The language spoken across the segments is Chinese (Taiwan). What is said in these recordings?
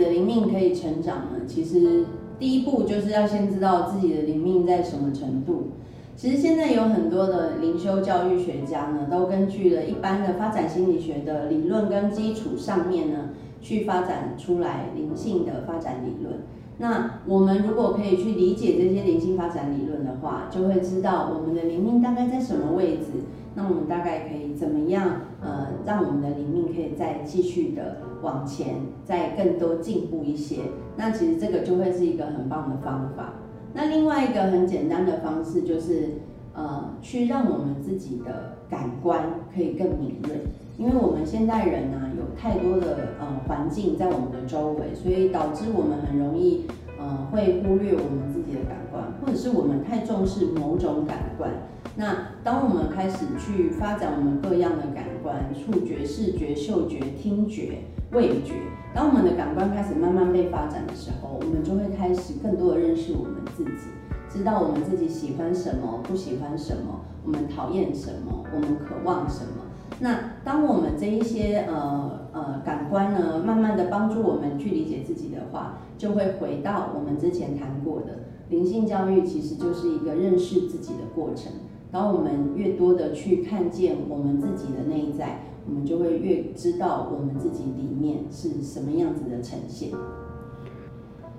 的靈命可以成長呢？其實第一步就是要先知道自己的靈命在什麼程度。其實現在有很多的靈修教育學家呢，都根據了一般的發展心理學的理論跟基礎上面呢，去發展出來靈性的發展理論。那我們如果可以去理解這些靈性發展理論的話，就會知道我們的靈命大概在什麼位置。那我們大概可以怎麼樣？呃，讓我們的靈命可以再繼續的往前，再更多進步一些。那其實這個就會是一個很棒的方法。那另外一個很簡單的方式就是，呃，去讓我們自己的感官可以更敏銳，因為我們現代人呢，啊，有太多的呃環境在我們的周圍，所以導致我們很容易。呃，會忽略我們自己的感官，或者是我們太重視某種感官。那當我們開始去發展我們各樣的感官——觸覺、視覺、嗅覺、聽覺、味覺——當我們的感官開始慢慢被發展的時候，我們就會開始更多的認識我們自己，知道我們自己喜歡什麼，不喜歡什麼，我們討厭什麼，我們渴望什麼。那當我們這一些呃。感官呢，慢慢的幫助我們去理解自己的話，就會回到我們之前談過的靈性教育，其實就是一個認識自己的過程。當我們越多的去看見我們自己的內在，我們就會越知道我們自己裡面是什麼樣子的呈現。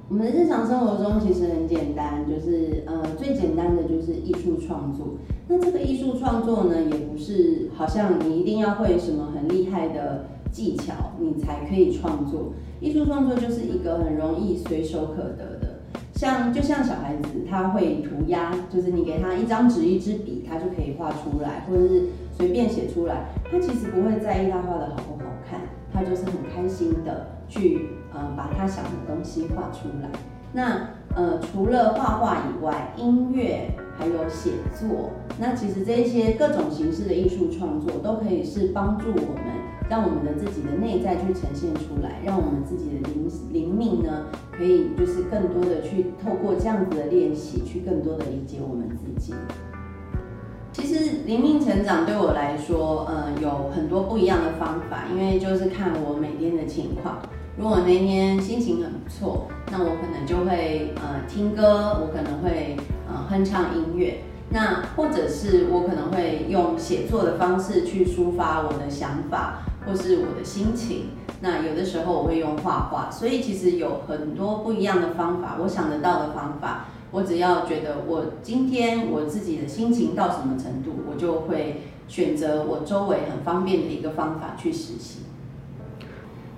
我們的日常生活中其實很簡單，就是呃，最簡單的就是藝術創作。那這個藝術創作呢，也不是好像你一定要會什麼很厲害的，技巧，你才可以創作。藝術創作就是一個很容易隨手可得的，像就像小孩子，他會塗鴉，就是你給他一張紙一支筆，他就可以畫出來，或者是隨便寫出來。他其實不會在意他畫得好不好看，他就是很開心的去呃把他想的東西畫出來。那呃除了畫畫以外，音樂還有寫作，那其實這一些各種形式的藝術創作都可以是幫助我們。讓我們的自己的內在去呈現出來，讓我們自己的靈靈命呢，可以就是更多的去透過這樣子的練習，去更多的理解我們自己。其實靈命成長對我來說，呃，有很多不一樣的方法，因為就是看我每天的情況。如果那天心情很不錯，那我可能就會呃聽歌，我可能會呃哼唱音樂，那或者是我可能會用寫作的方式去抒發我的想法，或是我的心情，那有的時候我會用畫畫，所以其實有很多不一樣的方法，我想得到的方法，我只要覺得我今天我自己的心情到什麼程度，我就會選擇我周圍很方便的一個方法去實行。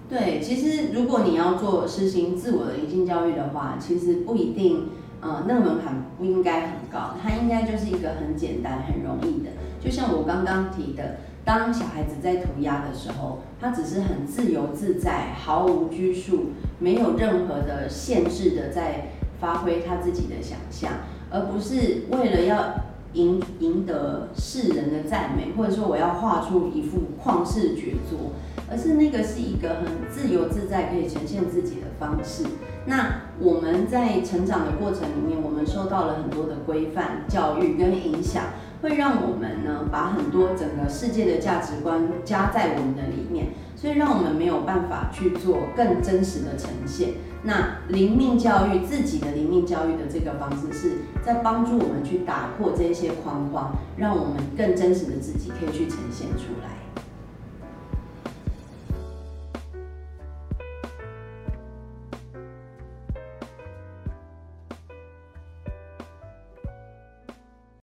對，其實如果你要做實行自我的靈性教育的話，其實不一定，呃，那個門檻不應該很高，它應該就是一個很簡單、很容易的，就像我剛剛提的。當小孩子在塗鴉的時候，他只是很自由自在，毫無拘束，沒有任何的限制的在發揮他自己的想象，而不是為了要贏贏得世人的讚美，或者說我要畫出一幅曠世絕作。可是那個是一個很自由自在可以呈現自己的方式。那我們在成長的過程裡面，我們受到了很多的規範教育跟影響，會讓我們呢把很多整個世界的價值觀加在我們的裡面，所以讓我們沒有辦法去做更真實的呈現。那靈命教育自己的靈命教育的這個方式，是在幫助我們去打破這些框框，讓我們更真實的自己可以去呈現出來。